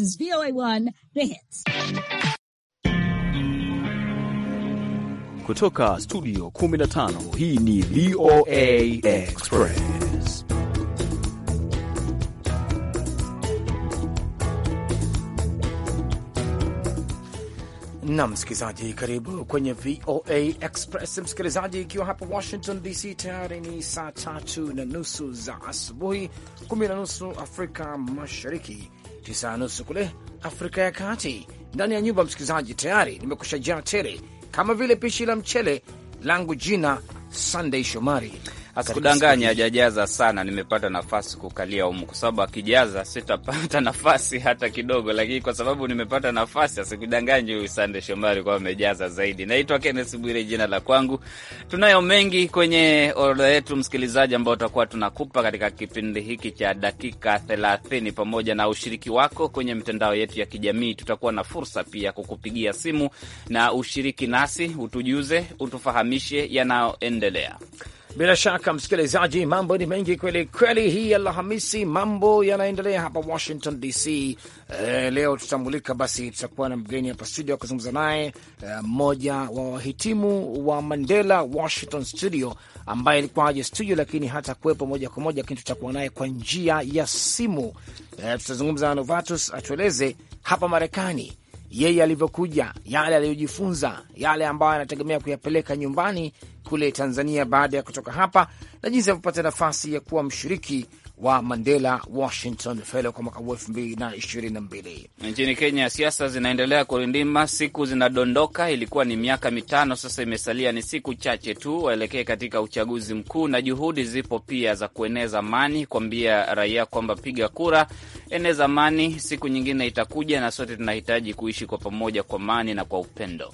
is VOA1 The Hits. Kutoka studio 15 hii ni VOA Express. Na msikilizaji, karibu kwenye VOA Express msikilizaji, ikiwa hapa Washington DC tayari ni saa tatu na nusu za asubuhi, kumi na nusu Afrika Mashariki tisa na nusu kule Afrika ya Kati. Ndani ya nyumba, msikilizaji, tayari jaa tele kama vile pishi la mchele langu. Jina Sunday Shomari Asikudanganya, hajajaza sana. Nimepata nafasi kukalia humu, kwa sababu akijaza sitapata nafasi hata kidogo, lakini kwa sababu nimepata nafasi, asikudanganya huyu Sande Shomari kwa amejaza zaidi. Naitwa Kennes Bwire, jina la kwangu. Tunayo mengi kwenye orodha yetu, msikilizaji, ambao tutakuwa tunakupa katika kipindi hiki cha dakika thelathini. Pamoja na ushiriki wako kwenye mitandao yetu ya kijamii, tutakuwa na fursa pia kukupigia simu na ushiriki nasi, utujuze, utufahamishe yanayoendelea. Bila shaka msikilizaji, mambo ni mengi kweli kweli. Hii Alhamisi mambo yanaendelea hapa Washington DC. E, eh, leo tutamulika basi, tutakuwa na mgeni hapa studio akuzungumza naye eh, mmoja wa wahitimu wa Mandela Washington Studio ambaye alikuwa aje studio, lakini hata kuwepo moja kwa moja, lakini tutakuwa naye kwa njia ya simu. E, tutazungumza na Novatus atueleze hapa Marekani yeye alivyokuja, yale aliyojifunza, yale ambayo anategemea kuyapeleka nyumbani kule Tanzania baada ya kutoka hapa, na jinsi alivyopata nafasi ya kuwa mshiriki wa Mandela Washington Fellow kwa mwaka huu elfu mbili na ishirini na mbili. Nchini Kenya siasa zinaendelea kurindima, siku zinadondoka. Ilikuwa ni miaka mitano sasa, imesalia ni siku chache tu waelekee katika uchaguzi mkuu, na juhudi zipo pia za kueneza amani, kuambia raia kwamba piga kura, eneza amani, siku nyingine itakuja, na sote tunahitaji kuishi kwa pamoja, kwa amani na kwa upendo.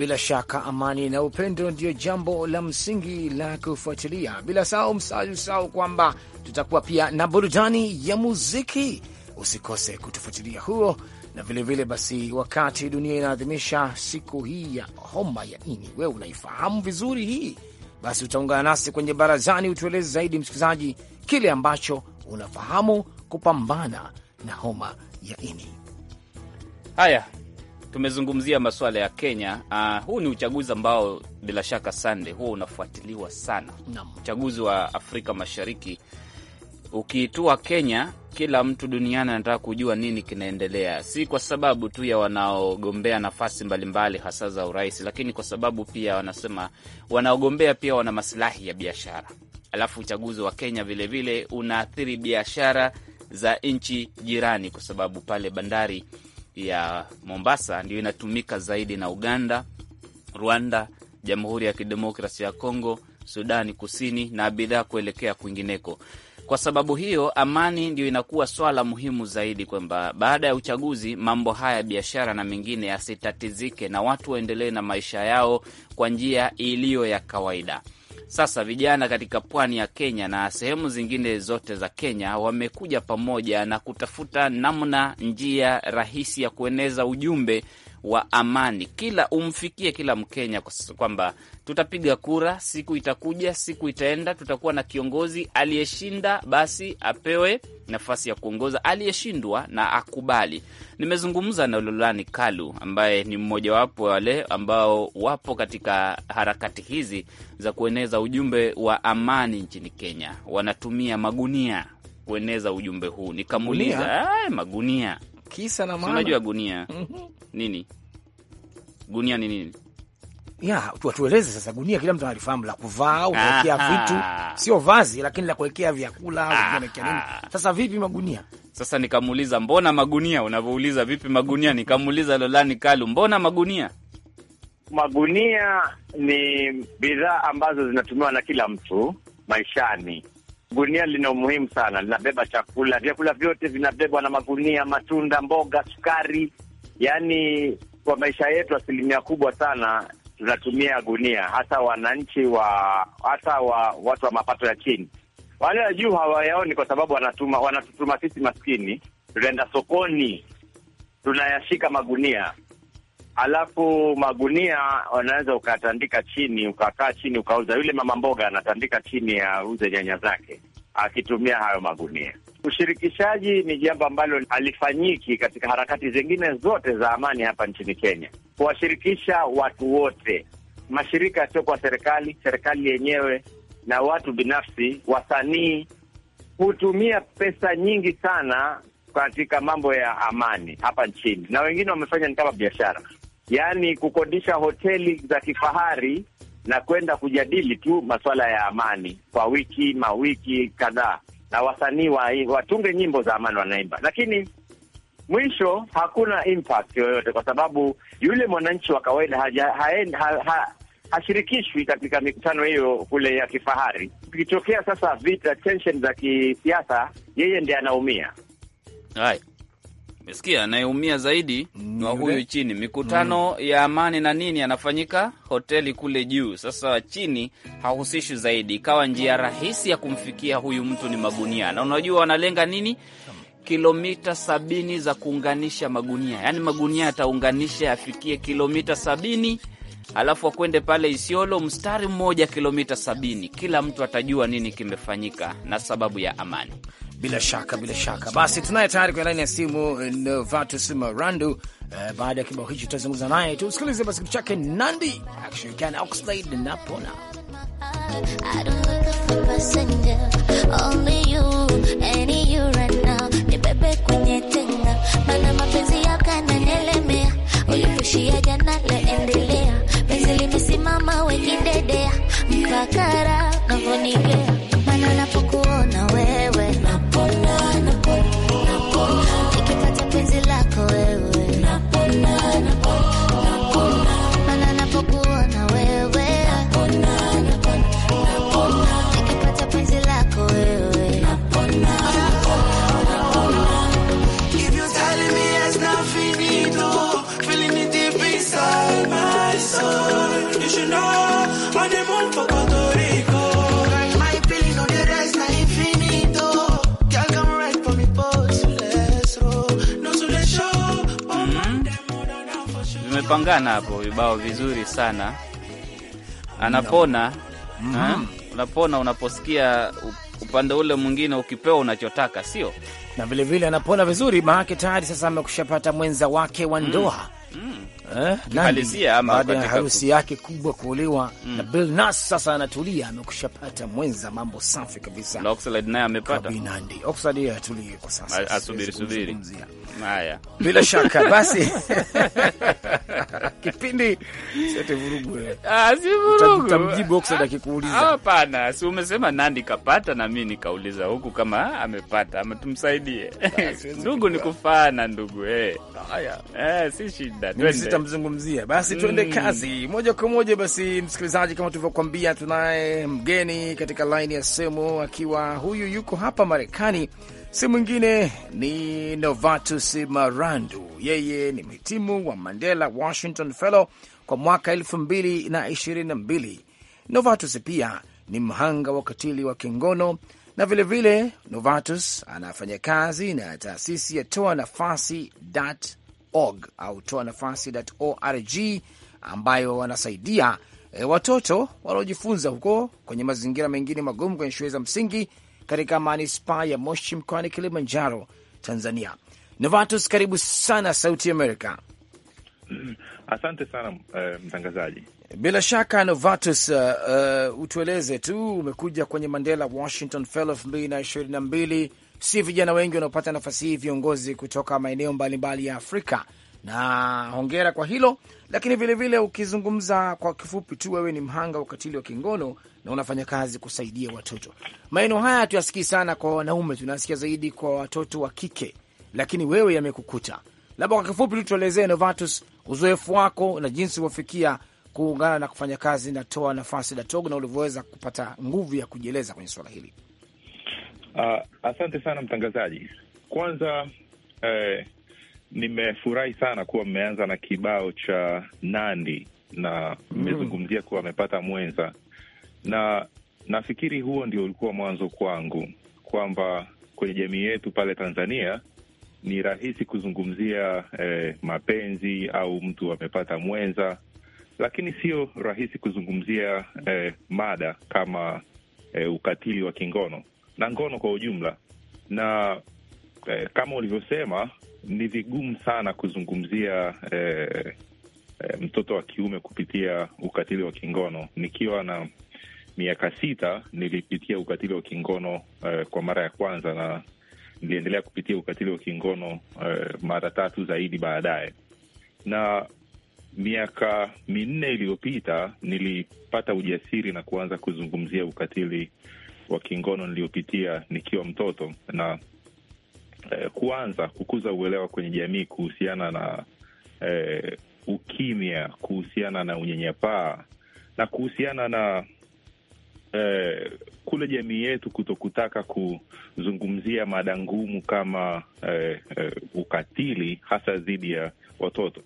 Bila shaka amani na upendo ndiyo jambo la msingi la kufuatilia, bila sahau msahau sau kwamba tutakuwa pia na burudani ya muziki. Usikose kutufuatilia huo na vilevile vile basi, wakati dunia inaadhimisha siku hii ya homa ya ini, wewe unaifahamu vizuri hii, basi utaungana nasi kwenye barazani, utueleze zaidi msikilizaji, kile ambacho unafahamu kupambana na homa ya ini. Haya, tumezungumzia masuala ya Kenya. Uh, huu ni uchaguzi ambao bila shaka sande huwa unafuatiliwa sana no. Uchaguzi wa Afrika Mashariki ukiitua Kenya, kila mtu duniani anataka kujua nini kinaendelea, si kwa sababu tu ya wanaogombea nafasi mbalimbali hasa za urais, lakini kwa sababu pia wanasema wanaogombea pia wana masilahi ya biashara, alafu uchaguzi wa Kenya vilevile unaathiri biashara za nchi jirani, kwa sababu pale bandari ya Mombasa ndio inatumika zaidi na Uganda, Rwanda, Jamhuri ya Kidemokrasi ya Kongo, Sudani Kusini na bidhaa kuelekea kwingineko. Kwa sababu hiyo, amani ndio inakuwa swala muhimu zaidi, kwamba baada ya uchaguzi mambo haya, biashara na mengine, yasitatizike na watu waendelee na maisha yao kwa njia iliyo ya kawaida. Sasa vijana katika pwani ya Kenya na sehemu zingine zote za Kenya wamekuja pamoja na kutafuta namna, njia rahisi ya kueneza ujumbe wa amani, kila umfikie kila Mkenya, kwamba tutapiga kura, siku itakuja, siku itaenda, tutakuwa na kiongozi aliyeshinda, basi apewe nafasi ya kuongoza aliyeshindwa na akubali. Nimezungumza na Lolani Kalu ambaye ni mmojawapo wale ambao wapo katika harakati hizi za kueneza ujumbe wa amani nchini Kenya. Wanatumia magunia kueneza ujumbe huu. Nikamuuliza eh, magunia, kisa na maana, unajua gunia mhm. nini? Gunia ni nini? ya tueleze sasa, gunia kila mtu analifahamu la kuvaa au kuwekea vitu, sio vazi, lakini la kuwekea vyakula au kuwekea nini. Sasa vipi magunia? Sasa nikamuuliza mbona magunia, unavyouliza vipi magunia, nikamuuliza Lolani Kalu, mbona magunia? Magunia ni bidhaa ambazo zinatumiwa na kila mtu maishani. Gunia lina umuhimu sana, linabeba chakula, vyakula vyote vinabebwa na magunia, matunda, mboga, sukari. Yaani kwa maisha yetu asilimia kubwa sana tunatumia gunia, hasa wananchi wa hasa wa watu wa mapato ya chini. Wale wa juu hawayaoni kwa sababu wanatuma, wanatutuma sisi maskini, tunaenda sokoni tunayashika magunia, alafu magunia wanaweza ukatandika chini, ukakaa chini, ukauza. Yule mama mboga anatandika chini, auze nyanya zake akitumia hayo magunia. Ushirikishaji ni jambo ambalo halifanyiki katika harakati zingine zote za amani hapa nchini Kenya kuwashirikisha watu wote, mashirika kwa serikali, serikali yenyewe na watu binafsi. Wasanii hutumia pesa nyingi sana katika mambo ya amani hapa nchini, na wengine wamefanya ni kama biashara, yaani kukodisha hoteli za kifahari na kwenda kujadili tu masuala ya amani kwa wiki mawiki kadhaa, na wasanii watunge nyimbo za amani wanaimba, lakini mwisho hakuna impact yoyote, kwa sababu yule mwananchi wa kawaida hashirikishwi katika mikutano hiyo kule ya kifahari. Ukitokea sasa vita, tension za kisiasa, yeye ndiye anaumia. Haya, umesikia, anayeumia zaidi ni wa mm, huyu chini. Mikutano mm, ya amani na nini anafanyika hoteli kule juu. Sasa chini hahusishwi zaidi, ikawa njia rahisi ya kumfikia huyu mtu ni magunia, na unajua wanalenga nini? kilomita sabini za kuunganisha magunia, yaani magunia yataunganisha afikie kilomita sabini alafu akwende pale Isiolo, mstari mmoja kilomita sabini. Kila mtu atajua nini kimefanyika na sababu ya amani. Bila shaka, bila shaka. Basi tunaye tayari kwenye laini ya simu eh, Novatus Marandu. Eh, baada ya kibao hicho tutazungumza naye, tusikilize basi kitu chake Nandi akishirikiana na Oxlade na Pona kunitenga, maana mapenzi yako yananielemea, ulipushia jana, leo endelea, penzi limesimama, wekidedea mpaka Wamepangana hapo vibao vizuri sana, anapona mm -hmm. Unapona unaposikia upande ule mwingine ukipewa unachotaka, sio na vilevile, anapona vizuri, maanake tayari sasa amekushapata mwenza wake wa mm. ndoa mm eh, baada ya harusi yake kubwa kuolewa mm. na Bill Nass sasa anatulia, amekushapata mwenza, mambo safi kabisa. Naye amepata Binandi Oxlade, atulie kwa sasa, asubiri subiri. Haya, bila shaka basi kipindi sote vurugu, ah, si vurugu, tamjibu Oxlade akikuuliza. Hapana, si umesema Nandi kapata na mimi nikauliza huku kama amepata, ama tumsaidie ah, ndugu, ni kufaana ndugu, eh haya, eh si shida, twende tunamzungumzia. Basi mm, tuende kazi moja kwa moja. Basi msikilizaji, kama tulivyokuambia, tunaye mgeni katika laini ya simu, akiwa huyu yuko hapa Marekani, si mwingine ni Novatus Marandu. Yeye ni mhitimu wa Mandela Washington Fellow kwa mwaka elfu mbili na ishirini na mbili. Novatus pia ni mhanga wa katili wa kingono na vilevile vile, Novatus anafanya kazi na taasisi ya toa nafasi org au toa nafasi org ambayo wanasaidia e, watoto wanaojifunza huko kwenye mazingira mengine magumu kwenye shule za msingi katika manispaa ya Moshi mkoani Kilimanjaro, Tanzania. Novatus, karibu sana Sauti Amerika. Asante sana uh, mtangazaji. Bila shaka Novatus, uh, uh, utueleze tu, umekuja kwenye Mandela Washington Fellow elfu mbili na ishirini na mbili si vijana wengi wanaopata nafasi hii, viongozi kutoka maeneo mbalimbali ya Afrika, na hongera kwa hilo. Lakini vilevile vile, ukizungumza kwa kifupi tu, wewe ni mhanga wa ukatili wa kingono na unafanya kazi kusaidia watoto. Maeneo haya tuyasikii sana kwa wanaume, tunasikia zaidi kwa watoto wa kike, lakini wewe yamekukuta. Labda kwa kifupi tu tuelezee, Novatus, uzoefu wako na jinsi umefikia kuungana na kufanya kazi na Toa Nafasi Datogo na ulivyoweza kupata nguvu ya kujieleza kwenye suala hili. Uh, asante sana mtangazaji. Kwanza eh, nimefurahi sana kuwa mmeanza na kibao cha Nandi na mmezungumzia kuwa amepata mwenza, na nafikiri huo ndio ulikuwa mwanzo kwangu kwamba kwenye jamii yetu pale Tanzania ni rahisi kuzungumzia eh, mapenzi au mtu amepata mwenza, lakini sio rahisi kuzungumzia eh, mada kama eh, ukatili wa kingono na ngono kwa ujumla. Na eh, kama ulivyosema, ni vigumu sana kuzungumzia eh, eh, mtoto wa kiume kupitia ukatili wa kingono. Nikiwa na miaka sita nilipitia ukatili wa kingono eh, kwa mara ya kwanza na niliendelea kupitia ukatili wa kingono eh, mara tatu zaidi baadaye. Na miaka minne iliyopita nilipata ujasiri na kuanza kuzungumzia ukatili wa kingono niliopitia nikiwa mtoto na eh, kuanza kukuza uelewa kwenye jamii kuhusiana na eh, ukimya, kuhusiana na unyanyapaa na kuhusiana na eh, kule jamii yetu kutokutaka kuzungumzia mada ngumu kama eh, eh, ukatili hasa dhidi ya watoto.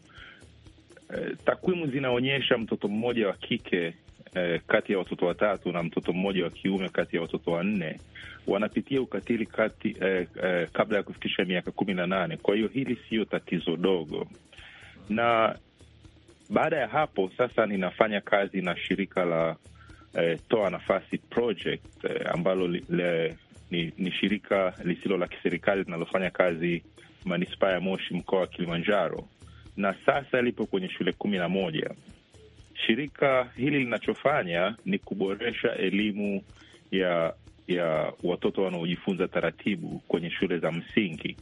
Eh, takwimu zinaonyesha mtoto mmoja wa kike eh, kati ya watoto watatu na mtoto mmoja wa kiume kati ya watoto wanne wanapitia ukatili kati eh, eh, kabla ya kufikisha miaka kumi na nane. Kwa hiyo hili siyo tatizo dogo. Na baada ya hapo sasa ninafanya kazi na shirika la eh, Toa Nafasi Project eh, ambalo li, le, ni, ni shirika lisilo la kiserikali linalofanya kazi manispaa ya Moshi mkoa wa Kilimanjaro, na sasa lipo kwenye shule kumi na moja shirika hili linachofanya ni kuboresha elimu ya ya watoto wanaojifunza taratibu kwenye shule za msingi.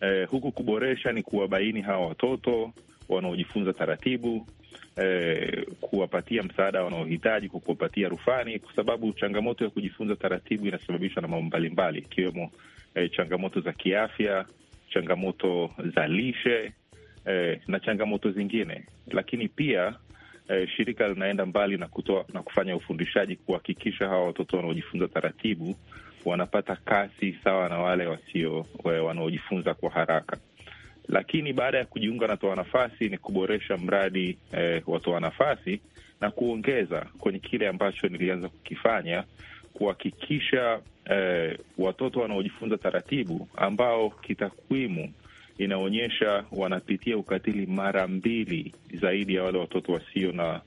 Eh, huku kuboresha ni kuwabaini hawa watoto wanaojifunza taratibu Eh, kuwapatia msaada wanaohitaji kwa kuwapatia rufani, kwa sababu changamoto ya kujifunza taratibu inasababishwa na mambo mbalimbali ikiwemo eh, changamoto za kiafya, changamoto za lishe eh, na changamoto zingine, lakini pia eh, shirika linaenda mbali na kutoa na kufanya ufundishaji kuhakikisha hawa watoto wanaojifunza taratibu wanapata kasi sawa na wale wasio eh, wanaojifunza kwa haraka. Lakini baada ya kujiunga na toa nafasi ni kuboresha mradi eh, wa toa nafasi na kuongeza kwenye kile ambacho nilianza kukifanya kuhakikisha eh, watoto wanaojifunza taratibu ambao kitakwimu inaonyesha wanapitia ukatili mara mbili zaidi ya wale watoto wasio na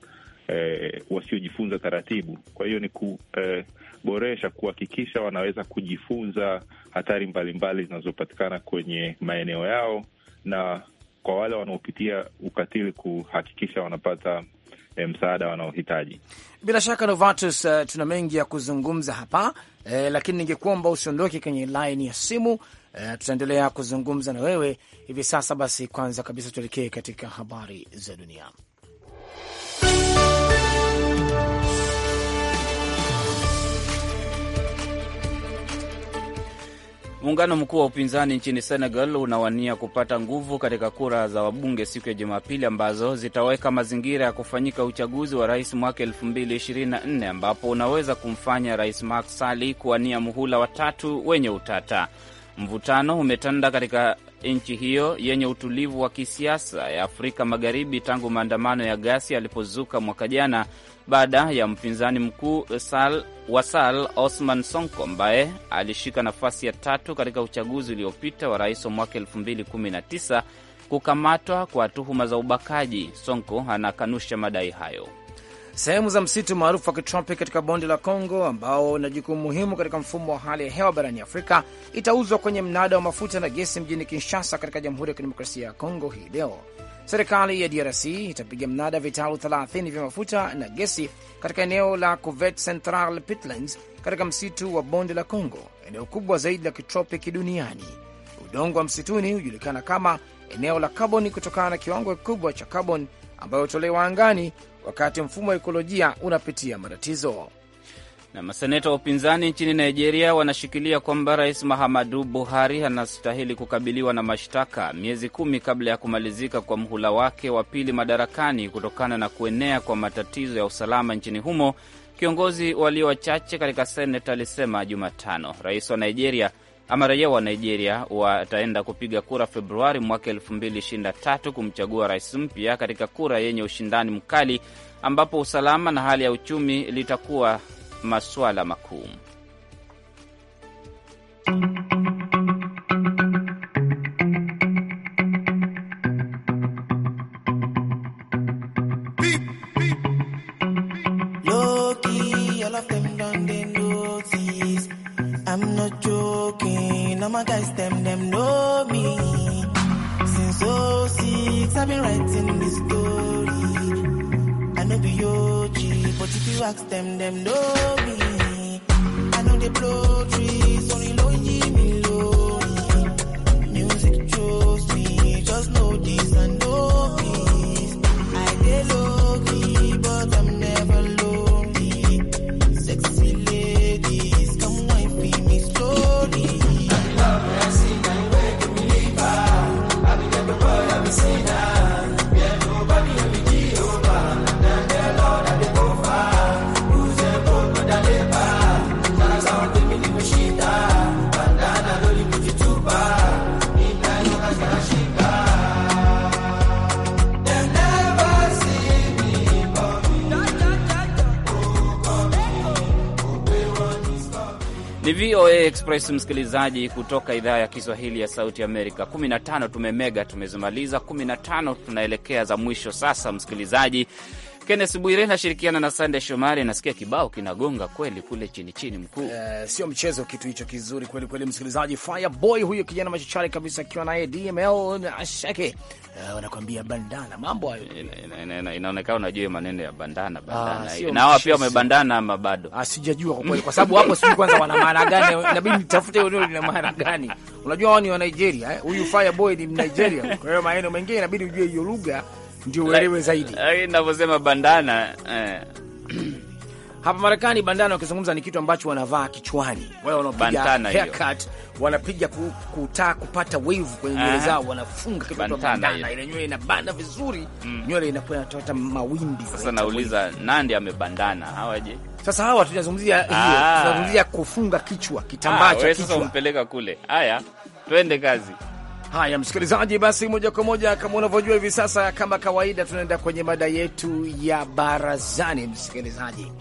eh, wasiojifunza taratibu. Kwa hiyo ni kuboresha eh, kuhakikisha wanaweza kujifunza hatari mbalimbali zinazopatikana kwenye maeneo yao, na kwa wale wanaopitia ukatili kuhakikisha wanapata E, msaada wanaohitaji. Bila shaka Novatus, uh, tuna mengi ya kuzungumza hapa eh, lakini ningekuomba usiondoke kwenye laini ya simu Uh, tutaendelea kuzungumza na wewe hivi sasa. Basi kwanza kabisa tuelekee katika habari za dunia. Muungano mkuu wa upinzani nchini Senegal unawania kupata nguvu katika kura za wabunge siku ya Jumapili ambazo zitaweka mazingira ya kufanyika uchaguzi wa rais mwaka 2024 ambapo unaweza kumfanya rais Macky Sall kuwania muhula watatu wenye utata. Mvutano umetanda katika nchi hiyo yenye utulivu wa kisiasa ya Afrika Magharibi tangu maandamano ya gasi yalipozuka mwaka jana baada ya mpinzani mkuu wa sal Osman Sonko ambaye alishika nafasi ya tatu katika uchaguzi uliopita wa rais wa mwaka 2019 kukamatwa kwa tuhuma za ubakaji. Sonko anakanusha madai hayo sehemu za msitu maarufu wa kitropiki katika bonde la Congo, ambao na jukumu muhimu katika mfumo wa hali ya hewa barani Afrika, itauzwa kwenye mnada wa mafuta na gesi mjini Kinshasa katika Jamhuri ya Kidemokrasia ya Kongo hii leo. Serikali ya DRC itapiga mnada vitalu 30 vya mafuta na gesi katika eneo la Cuvette Central Pitlands katika msitu wa bonde la Congo, eneo kubwa zaidi la kitropiki duniani. Udongo wa msituni hujulikana kama eneo la kaboni kutokana na kiwango kikubwa cha kaboni ambayo hutolewa angani wakati mfumo wa ekolojia unapitia matatizo. Na maseneta wa upinzani nchini Nigeria wanashikilia kwamba Rais Mahamadu Buhari anastahili kukabiliwa na mashtaka miezi kumi kabla ya kumalizika kwa mhula wake wa pili madarakani kutokana na kuenea kwa matatizo ya usalama nchini humo. Kiongozi walio wachache katika senet alisema Jumatano rais wa Nigeria ama raia wa Nigeria wataenda kupiga kura Februari mwaka elfu mbili ishirini na tatu kumchagua rais mpya katika kura yenye ushindani mkali ambapo usalama na hali ya uchumi litakuwa masuala makuu. I've been writing this story. I know be OG, but if you ask them, them know me. I know they blow trees, only low me low. Music chose me, just know this Ni VOA Express msikilizaji, kutoka idhaa ya Kiswahili ya Sauti Amerika. 15 tumemega, tumezimaliza 15, tunaelekea za mwisho sasa, msikilizaji Kennes Bwire nashirikiana na Sande Shomari. Nasikia kibao kinagonga kweli kule chini chini, mkuu Uh, sio mchezo kitu hicho kizuri kweli kweli, msikilizaji. Fireboy huyo kijana machachari kabisa, akiwa naye DML na Shake eh, wanakwambia bandana, mambo hayo. Inaonekana unajua maneno ya bandana ah, bandana, na hawa pia wamebandana ama bado? Ah, sijajua kwa kweli, kwa sababu hapo sijui kwanza wana maana gani, inabidi nitafute hiyo neno lina maana gani. Unajua wao ni wa Nigeria, eh? huyu eh? Fire boy ni Mnigeria, kwa hiyo maneno mengine inabidi ujue hiyo lugha ndio uelewe zaidi eh, ninavyosema bandana eh. Hapa Marekani bandana wakizungumza ni kitu ambacho wanavaa kichwani, wale wanaopiga haircut, wanapiga kutaa kupata wave kwenye nywele zao, wanafunga kitu bandana, ile nywele inabanda vizuri mm. nywele inakuwa inatoa mawimbi. Sasa nauliza Nandi amebandana hawaje? Sasa hawa tunazungumzia hiyo, ah. tunazungumzia kufunga kichwa, kitambaa ah, cha kichwa. Sasa umpeleka kule. Haya, twende kazi. Haya msikilizaji, basi moja kwa moja kama unavyojua hivi sasa, kama kawaida, tunaenda kwenye mada yetu ya barazani, msikilizaji,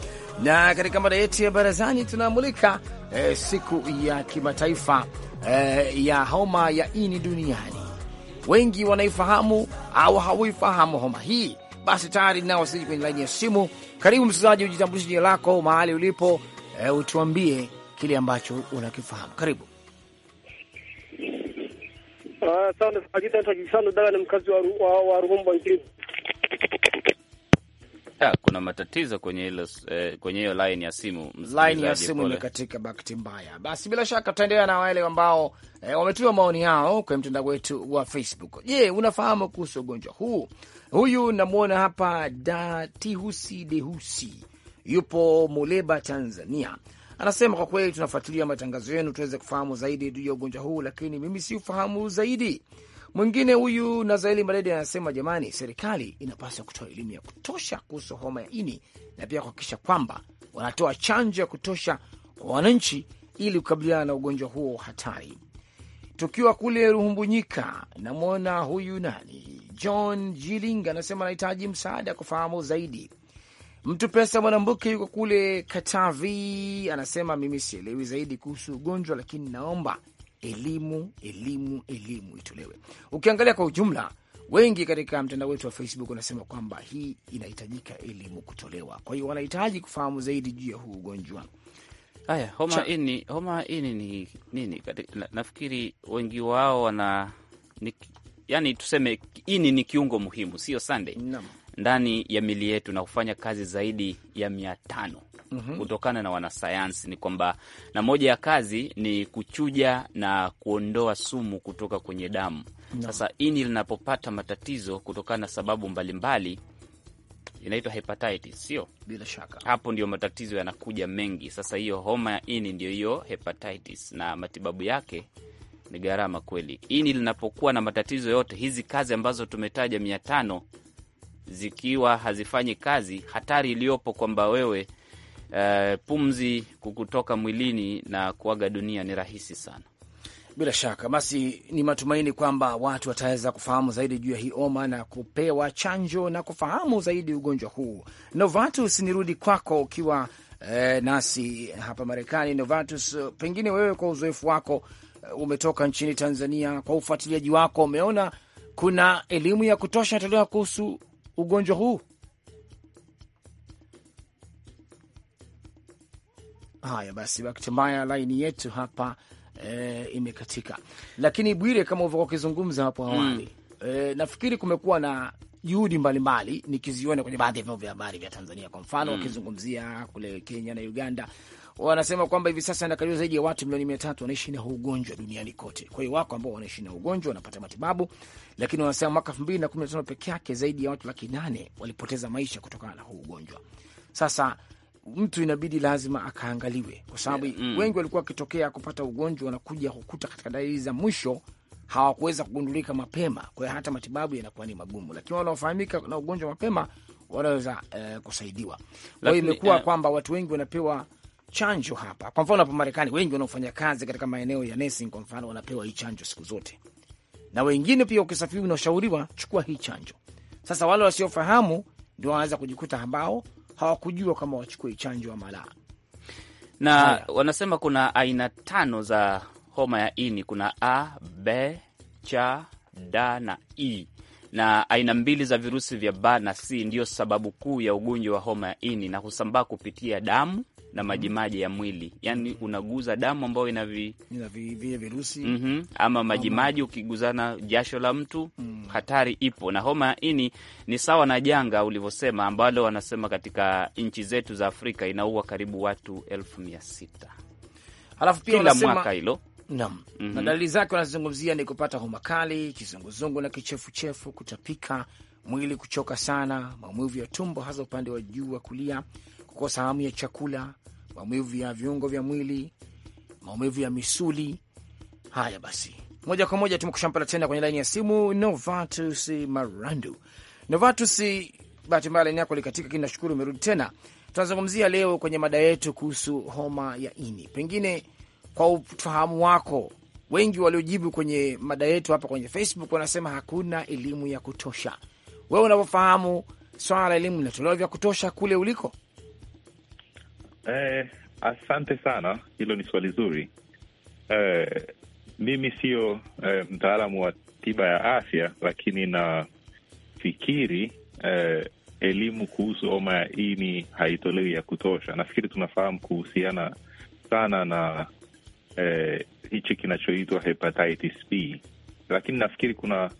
na katika mada yetu ya barazani tunamulika eh, siku ya kimataifa eh, ya homa ya ini duniani. Wengi wanaifahamu au hawaifahamu homa hii. Basi tayari nao wasiji kwenye laini ya simu. Karibu msikilizaji, ujitambulishe jina lako, mahali ulipo, eh, utuambie kile ambacho unakifahamu. Karibu. Asante kwa jina, naitwa Jisando Daga, ni mkazi wa nchini. Kuna matatizo kwenye hilo eh, kwenye hiyo line ya simu, line ya simu imekatika bakti mbaya. Basi bila shaka tutaendelea na wale ambao eh, wametuma maoni yao kwenye mtandao wetu wa Facebook. Je, unafahamu kuhusu ugonjwa huu? Huyu namwona hapa Datihusi Dehusi, yupo Muleba, Tanzania. Anasema kwa kweli tunafuatilia matangazo yenu tuweze kufahamu zaidi juu ya ugonjwa huu, lakini mimi si ufahamu zaidi. Mwingine huyu Nazaeli Maredi anasema jamani, serikali inapaswa kutoa elimu ya kutosha kuhusu homa ya ini na pia kuhakikisha kwamba wanatoa chanjo ya kutosha kwa wananchi ili kukabiliana na ugonjwa huo hatari. Tukiwa kule Ruhumbunyika, namwona huyu nani, John Jiling anasema anahitaji msaada kufahamu zaidi Mtu pesa mwanambuke yuko kule Katavi, anasema mimi sielewi zaidi kuhusu ugonjwa, lakini naomba elimu, elimu, elimu itolewe. Ukiangalia kwa ujumla, wengi katika mtandao wetu wa Facebook wanasema kwamba hii inahitajika elimu kutolewa, kwa hiyo wanahitaji kufahamu zaidi juu ya huu ugonjwa. Haya, homa ini, homa ini ni nini? Nafikiri wengi wao wana ni, yani tuseme ini ni kiungo muhimu, sio Sunday no ndani ya mili yetu na kufanya kazi zaidi ya mia tano mhm. kutokana mm -hmm. na wanasayansi ni kwamba, na moja ya kazi ni kuchuja na kuondoa sumu kutoka kwenye damu no. Sasa ini linapopata matatizo kutokana na sababu mbalimbali inaitwa hepatitis, sio? Bila shaka hapo ndio matatizo yanakuja mengi. Sasa hiyo homa ya ini ndio hiyo hepatitis, na matibabu yake ni gharama kweli. Ini linapokuwa na matatizo yote, hizi kazi ambazo tumetaja mia tano zikiwa hazifanyi kazi, hatari iliyopo kwamba wewe uh, pumzi kukutoka mwilini na kuaga dunia ni rahisi sana. Bila shaka basi, ni matumaini kwamba watu wataweza kufahamu zaidi juu ya hii oma na kupewa chanjo na kufahamu zaidi ugonjwa huu. Novatus, nirudi kwako ukiwa eh, nasi hapa Marekani. Novatus, pengine wewe kwa uzoefu wako eh, umetoka nchini Tanzania, kwa ufuatiliaji wako umeona kuna elimu ya kutosha inatolewa kuhusu ugonjwa huu? Haya basi, mbaya laini yetu hapa e, imekatika. Lakini Bwire, kama ulivyokuwa ukizungumza hapo awali mm, e, nafikiri kumekuwa na juhudi mbalimbali nikiziona kwenye baadhi ya vyombo vya habari vya Tanzania, kwa mfano wakizungumzia mm, kule Kenya na Uganda wanasema kwamba hivi sasa anakaliwa zaidi ya watu milioni mia tatu wanaishi na huu ugonjwa duniani kote. Kwa hiyo wako ambao wanaishi na ugonjwa wanapata matibabu, lakini wanasema mwaka elfu mbili na kumi na tano peke yake zaidi ya watu laki nane walipoteza maisha kutokana na huu ugonjwa. Sasa mtu inabidi lazima akaangaliwe, kwa sababu yeah, mm, wengi walikuwa wakitokea kupata ugonjwa wanakuja kukuta katika dalili za mwisho hawakuweza kugundulika mapema, kwa hiyo hata matibabu yanakuwa ni magumu, lakini wanaofahamika na ugonjwa mapema wanaweza uh, kusaidiwa. Kwa hiyo imekuwa uh, kwamba watu wengi wanapewa chanjo hapa. Kwa mfano hapa Marekani, wengi wanaofanya kazi katika maeneo ya nursing, kwa mfano, wanapewa hii chanjo siku zote, na wengine pia ukisafiri unashauriwa chukua hii chanjo. Sasa wale wasiofahamu ndio wanaweza kujikuta ambao hawakujua kama wachukue chanjo ama la. Na Haya, wanasema kuna aina tano za homa ya ini, kuna A, B, C, D na E na aina mbili za virusi vya B na C ndiyo sababu kuu ya ugonjwa wa homa ya ini na husambaa kupitia damu na majimaji ya mwili, yani unaguza damu ambayo ina virusi mm -hmm. ama majimaji, ukiguzana jasho la mtu mm. hatari ipo. Na homa ya ini ni sawa na janga ulivyosema, ambalo wanasema katika nchi zetu za Afrika inaua karibu watu elfu mia sita alafu pia kila wanasema... mwaka hilo Nam mm -hmm. na dalili zake wanazozungumzia ni kupata homa kali, kizunguzungu na kichefuchefu, kutapika, mwili kuchoka sana, maumivu ya tumbo hasa upande wa juu wa kulia, kukosa hamu ya chakula, maumivu ya viungo vya mwili, maumivu ya misuli. Haya basi, moja kwa moja tumekushapata tena kwenye laini ya simu Novatus Marandu. Novatus, bahati mbaya laini yako likatika, lakini nashukuru umerudi tena. Tunazungumzia leo kwenye mada yetu kuhusu homa ya ini. Pengine kwa ufahamu wako, wengi waliojibu kwenye mada yetu hapa kwenye Facebook wanasema hakuna elimu ya kutosha. Wewe unavyofahamu swala la elimu linatolewa vya kutosha kule uliko? Eh, asante sana, hilo ni swali zuri. Eh, mimi sio eh, mtaalamu wa tiba ya afya, lakini nafikiri eh, elimu kuhusu homa ya ini haitolewi ya kutosha. Nafikiri tunafahamu kuhusiana sana na eh, hichi kinachoitwa hepatitis B, lakini nafikiri kuna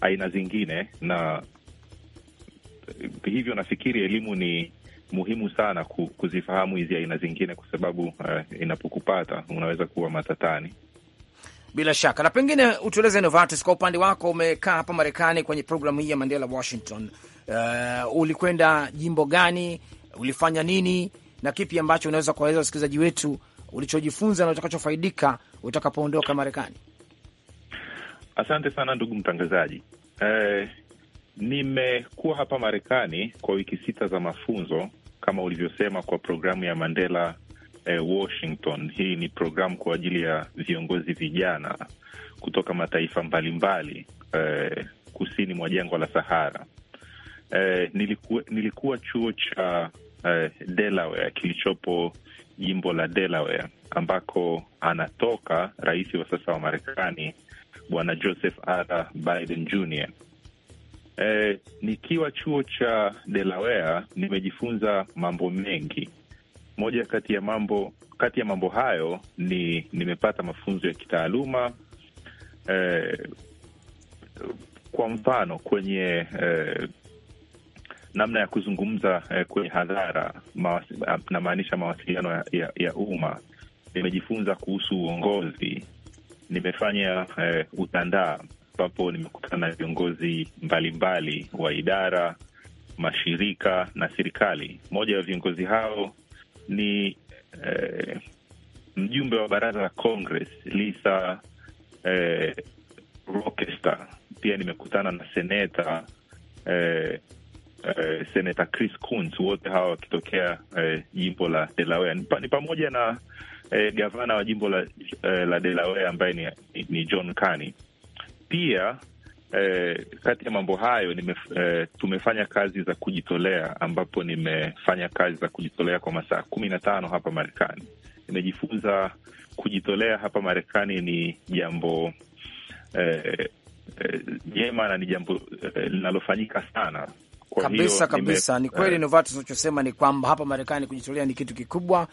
aina zingine na hivyo nafikiri elimu ni muhimu sana kuzifahamu hizi aina zingine, kwa sababu uh, inapokupata unaweza kuwa matatani. Bila shaka na pengine utueleze Novatus, kwa upande wako, umekaa hapa Marekani kwenye programu hii ya Mandela Washington. Uh, ulikwenda jimbo gani? Ulifanya nini na kipi ambacho unaweza kuwaeleza wasikilizaji wetu ulichojifunza na utakachofaidika utakapoondoka Marekani? Asante sana ndugu mtangazaji. Eh, Nimekuwa hapa Marekani kwa wiki sita za mafunzo kama ulivyosema, kwa programu ya Mandela eh, Washington. Hii ni programu kwa ajili ya viongozi vijana kutoka mataifa mbalimbali eh, kusini mwa jangwa la Sahara. Eh, nilikuwa, nilikuwa chuo cha eh, Delaware kilichopo jimbo la Delaware ambako anatoka rais wa sasa wa Marekani Bwana Joseph R. Biden Jr. Eh, nikiwa chuo cha Delaware nimejifunza mambo mengi. Moja kati ya mambo kati ya mambo hayo ni nimepata mafunzo ya kitaaluma eh, kwa mfano kwenye eh, namna ya kuzungumza eh, kwenye hadhara mawasi, namaanisha mawasiliano ya, ya, ya umma. Nimejifunza kuhusu uongozi, nimefanya eh, utandaa ambapo nimekutana na viongozi mbalimbali wa idara, mashirika na serikali. Mmoja wa viongozi hao ni eh, mjumbe wa baraza la Congress Lisa eh, Rochester. Pia nimekutana na seneta eh, eh, seneta Chris Coons, wote hawa wakitokea eh, jimbo la Delaware. Ni pamoja na eh, gavana wa jimbo la, eh, la Delaware ambaye ni, ni John Carney pia eh, kati ya mambo hayo eh, tumefanya kazi za kujitolea ambapo nimefanya kazi za kujitolea kwa masaa kumi na tano hapa Marekani. Nimejifunza kujitolea hapa Marekani ni jambo eh, eh, jema eh, na ni jambo eh, linalofanyika eh, sana kwa kabisa hiyo, kabisa nime, ni kweli uh, Novatus, unachosema ni kwamba hapa Marekani kujitolea ni kitu kikubwa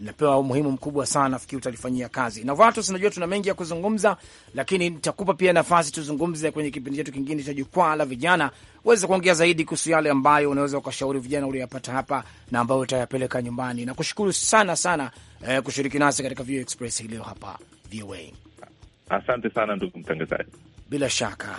linapewa umuhimu mkubwa sana, nafikiri utalifanyia kazi. Novatus, najua tuna mengi ya kuzungumza, lakini nitakupa pia nafasi tuzungumze kwenye kipindi chetu kingine cha Jukwaa la Vijana, uweze kuongea zaidi kuhusu yale ambayo unaweza ukashauri vijana uliyapata hapa na ambayo utayapeleka nyumbani. Nakushukuru sana sana eh, kushiriki nasi katika VOA Express hii leo hapa VOA. Asante sana ndugu mtangazaji, bila shaka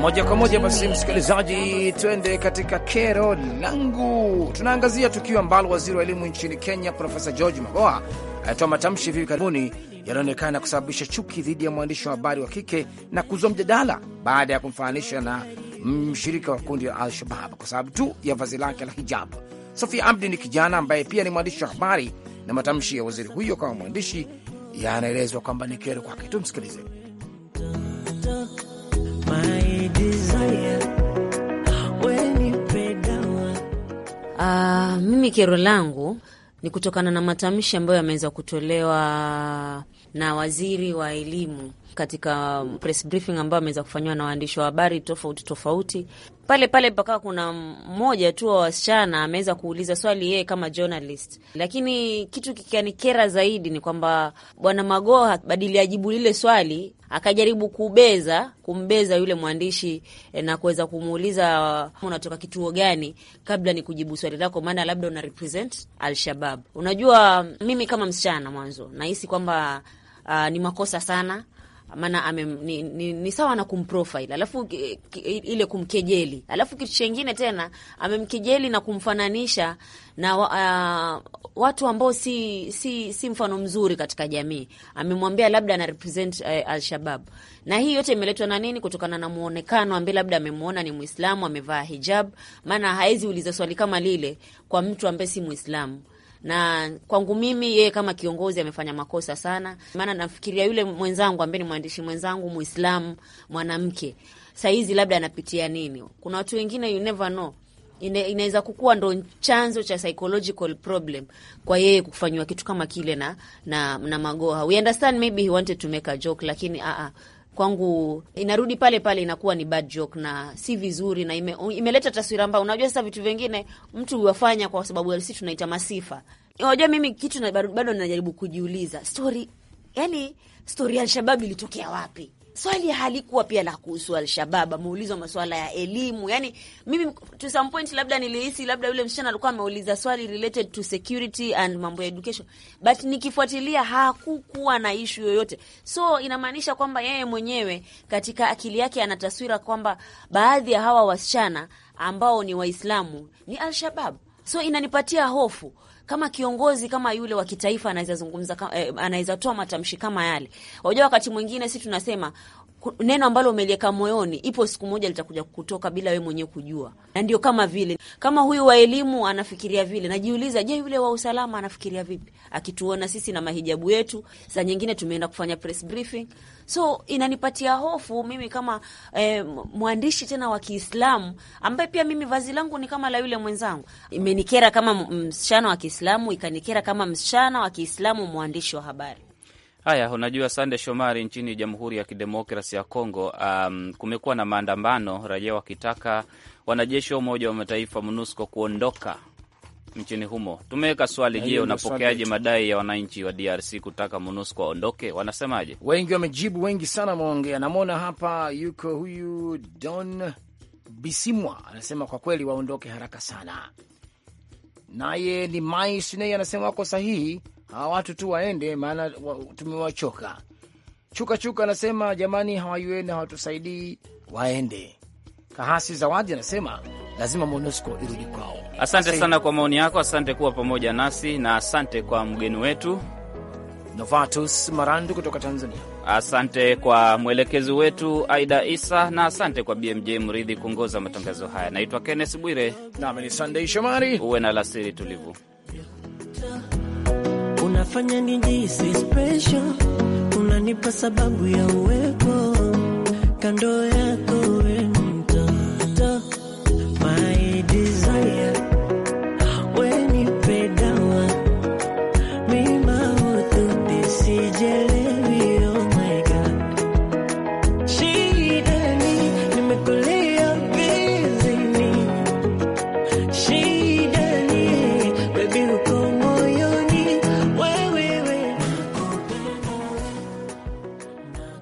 moja kwa moja. Basi msikilizaji, twende katika kero langu. Tunaangazia tukio ambalo waziri wa elimu nchini Kenya Profesa George magoa alitoa matamshi hivi karibuni yanaonekana kusababisha chuki dhidi ya mwandishi wa habari wa kike na kuzua mjadala baada ya kumfananisha na mshirika wa kundi la Al-Shabab kwa sababu tu ya vazi lake la hijabu. Sofia Abdi ni kijana ambaye pia ni mwandishi wa habari, na matamshi ya waziri huyo kama mwandishi yanaelezwa kwamba ni kero kwake. Tumsikilize. Uh, mimi kero langu ni kutokana na matamshi ambayo yameweza kutolewa na waziri wa elimu katika press briefing ambayo ameweza kufanyiwa na waandishi wa habari tofauti tofauti. Pale pale mpaka kuna mmoja tu wa wasichana ameweza kuuliza swali yeye kama journalist, lakini kitu kikanikera zaidi ni kwamba Bwana Magoha badili ya jibu lile swali akajaribu kubeza kumbeza yule mwandishi e, na kuweza kumuuliza unatoka kituo gani, kabla ni kujibu swali lako, maana labda una represent Alshabab. Unajua mimi kama msichana mwanzo nahisi kwamba uh, ni makosa sana maana ni, ni, ni sawa na kumprofile, alafu ile kumkejeli, alafu kitu chengine tena amemkejeli na kumfananisha na uh, watu ambao si, si, si mfano mzuri katika jamii. Amemwambia labda ana represent uh, Alshabab, na hii yote imeletwa na nini? Kutokana na muonekano ambaye labda amemwona ni Mwislamu, amevaa hijab, maana hawezi uliza swali kama lile kwa mtu ambaye si Mwislamu na kwangu mimi yeye kama kiongozi amefanya makosa sana, maana nafikiria yule mwenzangu ambaye ni mwandishi mwenzangu Muislamu mwanamke sahizi labda anapitia nini. Kuna watu wengine you never know inaweza kukuwa ndo chanzo cha psychological problem kwa yeye kufanyiwa kitu kama kile na na, na Magoha. We understand maybe he wanted to make a joke, lakini a ah, a ah, kwangu inarudi pale pale, inakuwa ni bad joke na si vizuri, na ime, imeleta taswira mbaya. Unajua sasa vitu vingine mtu wafanya kwa sababu sisi tunaita masifa. Unajua mimi kitu na, bado, najaribu kujiuliza story, yani story ya alshababu ilitokea wapi? swali halikuwa pia la kuhusu Alshabab, ameulizwa maswala ya elimu. Yani mimi to some point labda nilihisi labda yule msichana alikuwa ameuliza swali related to security and mambo ya education, but nikifuatilia hakukuwa na ishu yoyote. So inamaanisha kwamba yeye mwenyewe katika akili yake ana taswira kwamba baadhi ya hawa wasichana ambao ni Waislamu ni Alshabab, so inanipatia hofu kama kiongozi kama yule wa kitaifa anaweza zungumza, eh, anaweza toa matamshi kama yale. Wajua, wakati mwingine si tunasema neno ambalo umeliweka moyoni, ipo siku moja litakuja kutoka bila wewe mwenyewe kujua. Na ndio kama vile kama huyu wa elimu anafikiria vile, najiuliza, je, yule wa usalama anafikiria vipi akituona sisi na mahijabu yetu? Saa nyingine tumeenda kufanya press briefing, so inanipatia hofu mimi kama eh, mwandishi tena wa Kiislamu ambaye pia mimi vazi langu ni kama la yule mwenzangu. Imenikera kama msichana wa Kiislamu, ikanikera kama msichana wa Kiislamu mwandishi wa habari. Haya, unajua Sande Shomari, nchini Jamhuri ya Kidemokrasi ya Kongo um, kumekuwa na maandamano, raia wakitaka wanajeshi wa Umoja wa Mataifa MONUSCO kuondoka nchini humo. Tumeweka swali, je, unapokeaje madai ya wananchi wa DRC kutaka MONUSCO waondoke? Wanasemaje? Wengi wamejibu, wengi sana wameongea. Namwona hapa yuko huyu Don Bisimwa anasema kwa kweli waondoke haraka sana. Naye ni Mai Sinei anasema wako sahihi hawa watu tu waende, maana wa, tumewachoka. Chuka Chuka anasema jamani, hawaiweni hawatusaidii, waende. Kahasi Zawadi anasema lazima MONUSCO irudi kwao. Asante Asai sana kwa maoni yako, asante kuwa pamoja nasi na asante kwa mgeni wetu Novatus Marandu kutoka Tanzania. Asante kwa mwelekezi wetu Aida Isa na asante kwa BMJ Mridhi kuongoza matangazo haya. Naitwa Kenneth Bwire nami ni Sandei Shomari. Uwe na lasiri tulivu unafanya nijisi special, unanipa sababu ya uwepo kando yako